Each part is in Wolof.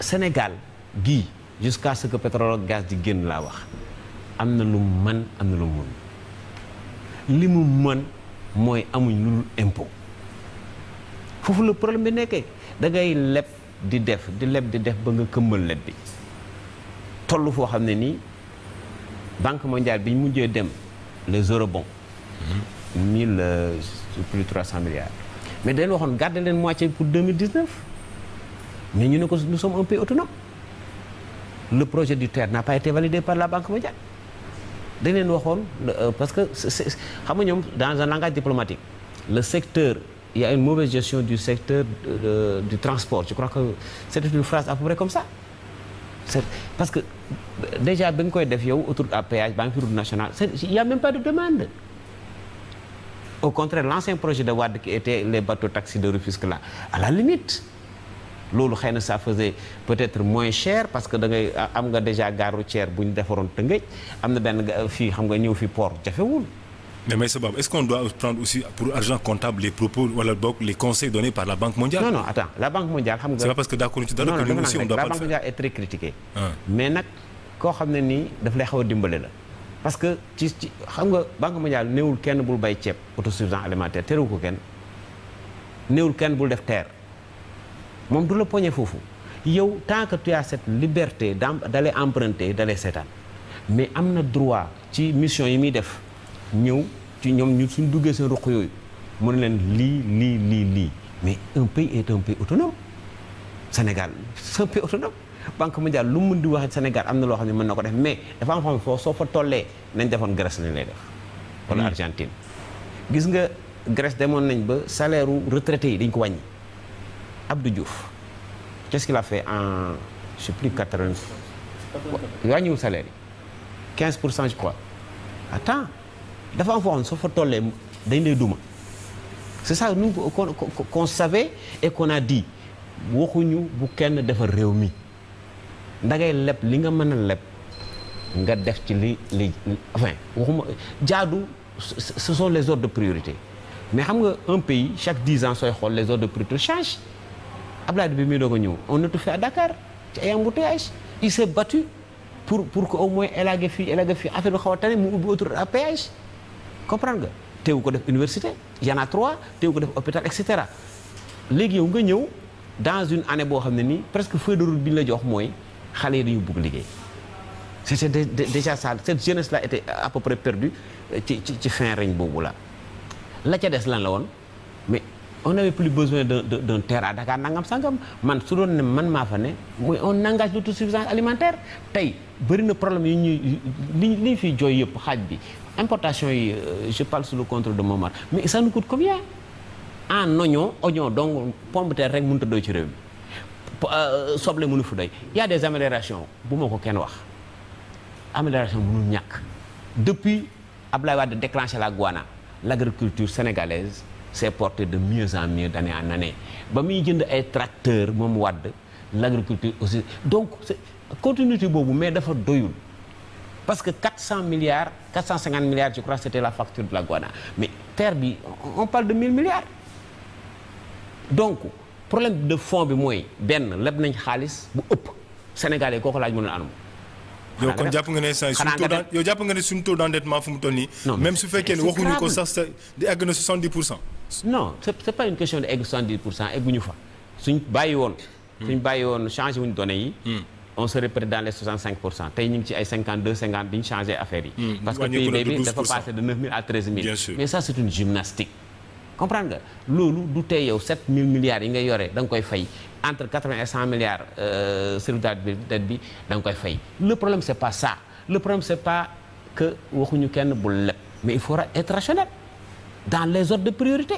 Sénégal gii jusqu'à ce que pétrole gaz di génn laa wax am na lu man am na lu mun li mu mën mooy amuñ lu dul impôt foofu la problème bi nekkee da ngay leb di def di leb di def ba nga këmbal leb bi toll foo xam ne nii banque mondiale bi ñu mujjee dem les eurobonds mm-hmm. mille euh, plus trois milliards mais dañ waxoon garder leen moitié pour mais ñu ne ko nous sommes un pays autonome le projet du TER n'a pas été validé par la Banque mondiale dañ leen waxoon euh, parce que xam nga ñoom dans un langage diplomatique le secteur il y a une mauvaise gestion du secteur de, du transport je crois que c'est une phrase à peu près comme ça c'est parce que déjà ba nga koy def yow autour à péage baa ngi fi route nationale il y a même pas de demande au contraire l'ancien projet de Wade qui était les bateaux taxis de Rufisque là à la limite loolu xëy na ça faisait peut-être moins cher parce que da ngay am nga déjà gare routière bu ñu defaroon Tëngéej am na benn euh, fii xam nga ñëw fi port jafewul. mais mais sabab est-ce qu'on doit prendre pour argent comptable les propos wala boog les par la Banque mondiale. non non attends la Banque mondiale xam nga. c'est pas parce que d'accord ci dara la Banque mondiale est très critiquée. Ah. mais nag koo xam ne nii daf lay xaw a dimbale la. parce que ci ci xam nga Banque mondiale néewul kenn bul bay ceeb autosuffisant alimentaire terewu ko kenn néewul kenn bul def terre. moom du la poñe foofu yow tant que tu as cette liberté d'aller emprunter d'aller seetaan mais am na droit ci mission yi muy def ñëw ci ñoom ñu suñ duggee seen ruq yooyu mu ne leen lii lii lii lii mais un pays est un pays autonome Sénégal c'est un pays autonome banque lu mu mën di wax Sénégal am na loo xam ne mën na ko def mais dafa am xam foofu soo fa tollee nañ defoon Grèce lañ lay def wala hmm. Argentine gis nga Grèce demoon nañ ba salaire u retraité yi dañ ko wàññi Abdou Diouf qu'est-ce qu'il a fait en je sais plus 80. ñëw salaire yi 15 pour cent je crois temps dafa am foo xam soo fa tollee dañ lay duma c'est ça nous qu'on qu'on savait et waxuñu bu kenn defar réew mi dangay leb li nga mën a leb nga def ci li li enfin waxuma jaadu ce sont les ordres de priorité mais xam nga un pays chaque dix ans sooy xool les ordres de priorité changent Abdoulaye bi muy doog a ñëw on a tout fait à Dakar ci ay embouteillage il s'est battu pour pour que au moins élagué fii élagué fii affaire bi xaw a tane mu ubbi autoroute à péage comprendre nga teewu ko def université y en a trois teewu ko def hôpital et cetera léegi yow nga ñëw dans une année boo xam ne nii presque feuille de route bi ñu la jox mooy xale yi dañu bëgg liggéey c'était déjà ça cette jeunesse là était à peu près perdue euh, ci ci ci fin règne boobu la la ca des lan la woon on n'avait plus besoin d'un d'un terre à Dakar nangam sangam man su doon ne man maa fa ne mooy on engage l'autosuffisance alimentaire tey bëri na problème yi ñuy li li fi fiy jooy yëpp xaaj bi importation yi euh, je parle sous le contre de Momar mais ça nous coûte combien en oignon oignon donc pomme de terre rek mënut a doy ci réew mi euh, soble munu fu doy y a des améliorations bu ma ko kenn wax amélioration mënul ñàkk depuis Abdoulaye de déclenché la guana l'agriculture sénégalaise s'est porté de mieux en mieux d'année en année ba muy jënd ay tracteurs moom wàdd l'agriculture aussi donc continuité boobu mais dafa doyul parce que 400 milliards 450 milliards je crois c'était la facture de la Guana mais terre bi on parle de 1000 donc problème de fond bi mooy benn leb nañ xaalis bu ëpp Sénégalais kooku laaj mënoon anam yow kon jàpp nga ne saa yow jàpp nga fu mu toll nii. même su fekkee ne waxuñu ko sax di egg na pour cent. non c'est pas une question de egg pour cent egguñu fa suñ bàyyi woon. suñ hmm. bàyyi woon changé wuñ données yi. Hmm. on serait peut dans les pour cent tey ñu ci ay 52 50 bi ñu changé affaire yi. Hmm. parce que pays bi dafa passé de à 13000. bien mais ça c'est une gymnastique. comprendre nga loolu du tey yow 7000 milliards yi nga yore da nga koy fay entre 80 et 100 milliards euh, service de bi da nga koy fay le problème c'est pas ça le problème c'est pas que waxuñu kenn bu leb mais il faut être rationnel dans les ordres de priorité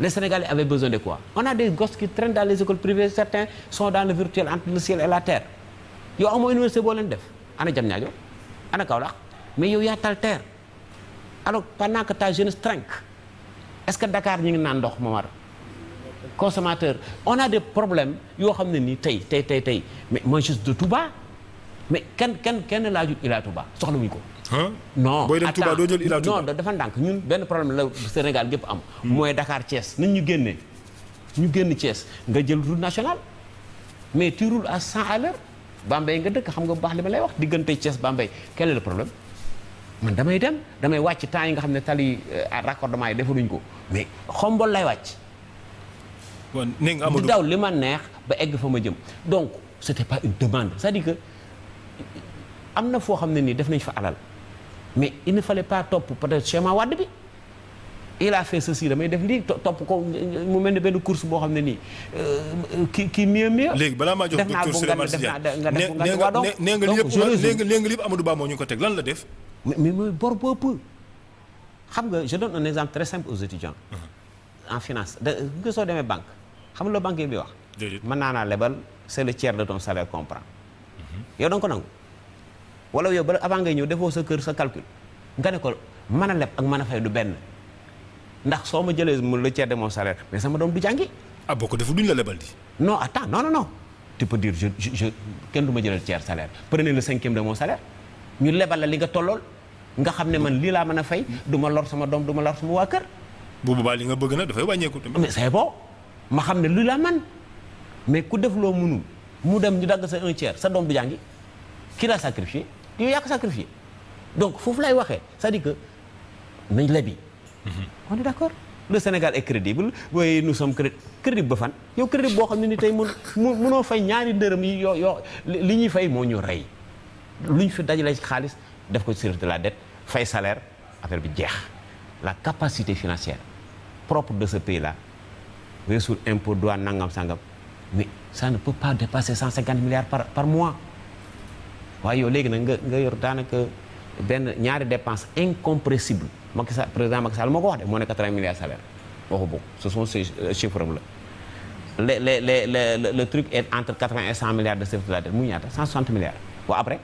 les Sénégalais avaient besoin de quoi on a des gosses qui traînent dans les écoles privées certains sont dans le virtuel entre le ciel et la terre yow amoo université boo def ana Diamniadio ana Kaolack mais yow yaa tal terre alors pendant que ta est-ce que dakaar ñu ngi naan ndox Momar consommateur on a des problèmes yoo xam ne nii tey tey tey tey mais mooy chose de tubaa mais kenn kenn kenn laajut Ila soxla soxlawuñu ko. non booy dem Touba doo jël Ila Touba non dafa ndànk ñun benn problème la Sénégal gépp am. Hmm. mooy Dakar Thiès nañ ñu génnee ñu génn Thiès nga jël route nationale mais tu roules à 100 à l'heure Bambey nga dëkk xam nga bu baax li ma lay wax diggante cees Bambey quel est le problème. man damay dem damay wàcc temps yi nga xam ne tali euh, raccordement yi defaluñ ko mais xombol lay wàcc. kon nee nga Amadou daw li ma neex ba egg fa ma jëm donc c'était pas une demande c'est-à-dire am na foo xam ne nii def nañ fa alal mais il ne fallait pas topp peut-être schéma Wade bi. il a fait ceci damay def lii topp ko mu mel ni benn course boo xam ne nii euh, ki kii mieux mieux. léegi balaa maa jox docteur Souleymane Sidiane nga def nga nga donc léegi Amadou ko teg lan la def. mais mooy bor xam nga je donne un exemple très simple aux étudiants. Uh-huh. demee banque xam nga banque bi wax. mën naa naa lebal c'est le tiers de ton salaire qu'on prend. Uh-huh. yow da ko nangu. wala yow ba avant ngay ñëw defoo sa kër sa calcul nga ne ko mën a leb ak mën a fay du benn. ndax soo ma jëlee mu le tiers de mon salaire mais sama doom du jàngi. ah boo ko defee duñ la lebal di. non attends non non non tu peux dire je je je kenn du ma jëlal tiers salaire prenez le cinquième de mon salaire ñu lebal la li nga tollool nga xam ne man lii laa mën a fay du ma lor sama doom du ma lor sama waa kër. bu ba li nga bëgg na dafay wàññeeku tamit. mais c'est bon ma xam ne lii laa man mais ku def loo mënul mu dem ñu dagg sa un sa doom du jàngi ki la sacrifié yow yaa ko sacrifié donc foofu lay waxee c'est-à-dire que nañ lebi. Mm-hmm. on est d'accord le Sénégal est crédible oui nous sommes cré crédible ba fan yow crédible boo xam ne ni tey mun munoo fay ñaari ndërëm yi yoo yoo li ñuy fay moo ñu rey lu ñu fi dajale ci xaalis def ko ci service de la dette fay salaire affaire bi jeex la capacité financière propre de ce pays là weesul impôt douane nangam sangam mais ça ne peut pas dépasser cent cinquante milliards par par mois waaye yow léegi nag nga nga yor daanaka. benn ñaari dépense incompressible Macky Sall président Macky Sall moo ko wax de moo ne 80 milliards salaire waxu boobu ce sont ces chiffres là le le le le truc est entre 80 et 100 milliards de service de la dette mu ñaata 160 milliards waaw après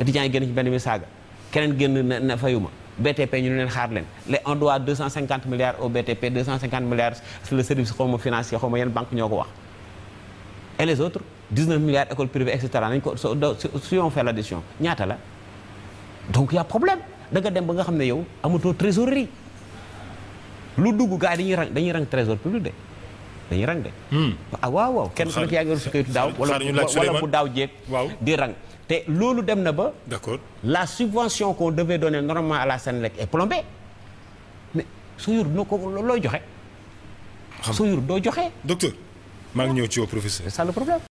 étudiants yi génn ci benn bi saaga keneen génn na na fayuma BTP ñu ne leen xaar leen les on doit 250 milliards au BTP 250 milliards sur le service xaw ma financier xaw ma yenn banque ñoo ko wax et les autres 19 si la. donc y' a problème da nga dem ba nga xam ne yow amatoo trésorerie lu dugg gars yi dañuy rang dañuy rang trésor public de dañuy rang de. Hmm. ah waaw waaw kenn ku nekk yaa ngi su kayitu daaw. wala wala bu daaw jéeg. waaw di rang te loolu dem na ba. d'accord la subvention qu'on devait donner normalement à la Sénélec est plombée mais soo noo ko looy joxe. xam soo doo joxe. docteur maa ngi ñëw ci yow professeur. c'est ça problème.